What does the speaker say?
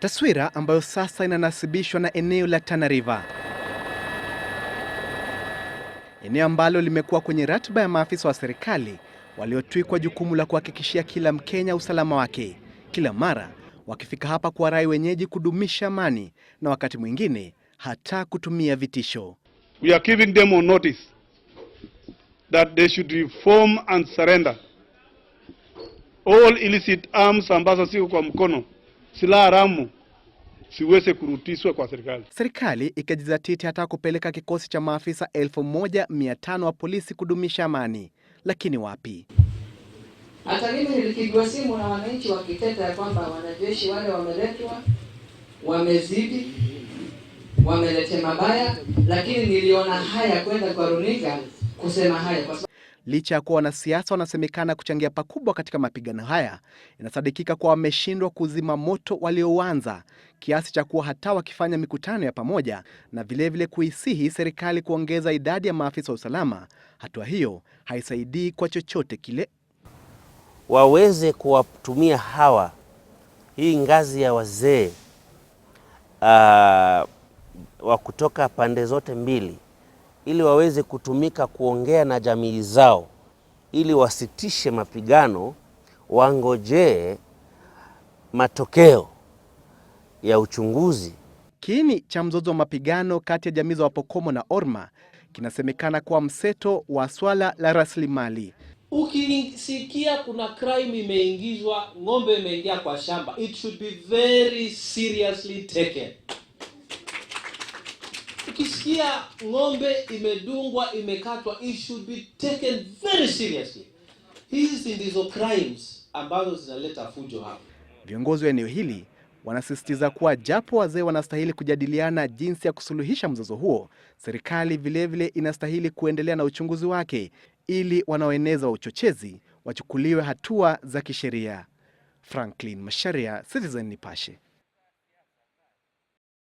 taswira ambayo sasa inanasibishwa na eneo la Tana River, eneo ambalo limekuwa kwenye ratiba ya maafisa wa serikali waliotwikwa jukumu la kuhakikishia kila Mkenya usalama wake, kila mara wakifika hapa kuwarai wenyeji kudumisha amani na wakati mwingine hata kutumia vitisho. We are giving them on notice that they should reform and surrender all illicit arms ambazo siko kwa mkono silaha haramu siweze kurutiswa kwa serikali. Serikali ikajizatiti hata kupeleka kikosi cha maafisa 1500 wa polisi kudumisha amani, lakini wapi? Hata mimi nilipigwa simu na wananchi wakiteta ya kwamba wanajeshi wale wameletwa, wamezidi, wamelete mabaya, lakini niliona haya kwenda kwa runinga kusema haya kwa sababu Licha ya kuwa wanasiasa wanasemekana kuchangia pakubwa katika mapigano haya, inasadikika kuwa wameshindwa kuzima moto walioanza, kiasi cha kuwa hata wakifanya mikutano ya pamoja na vilevile kuisihi serikali kuongeza idadi ya maafisa wa usalama, hatua hiyo haisaidii kwa chochote kile. Waweze kuwatumia hawa hii ngazi ya wazee uh, wa kutoka pande zote mbili ili waweze kutumika kuongea na jamii zao ili wasitishe mapigano, wangojee matokeo ya uchunguzi. Kiini cha mzozo wa mapigano kati ya jamii za Wapokomo na Orma kinasemekana kuwa mseto wa swala la rasilimali. Ukisikia kuna crime imeingizwa, ng'ombe imeingia kwa shamba, it should be very seriously taken ukisikia ng'ombe imedungwa imekatwa, it should be taken very seriously. Hizi ndizo crimes ambazo zinaleta fujo hapo Viongozi wa eneo hili wanasisitiza kuwa japo wazee wanastahili kujadiliana jinsi ya kusuluhisha mzozo huo, serikali vilevile inastahili kuendelea na uchunguzi wake ili wanaoeneza wa uchochezi wachukuliwe hatua za kisheria. Franklin Masharia, Citizen Nipashe.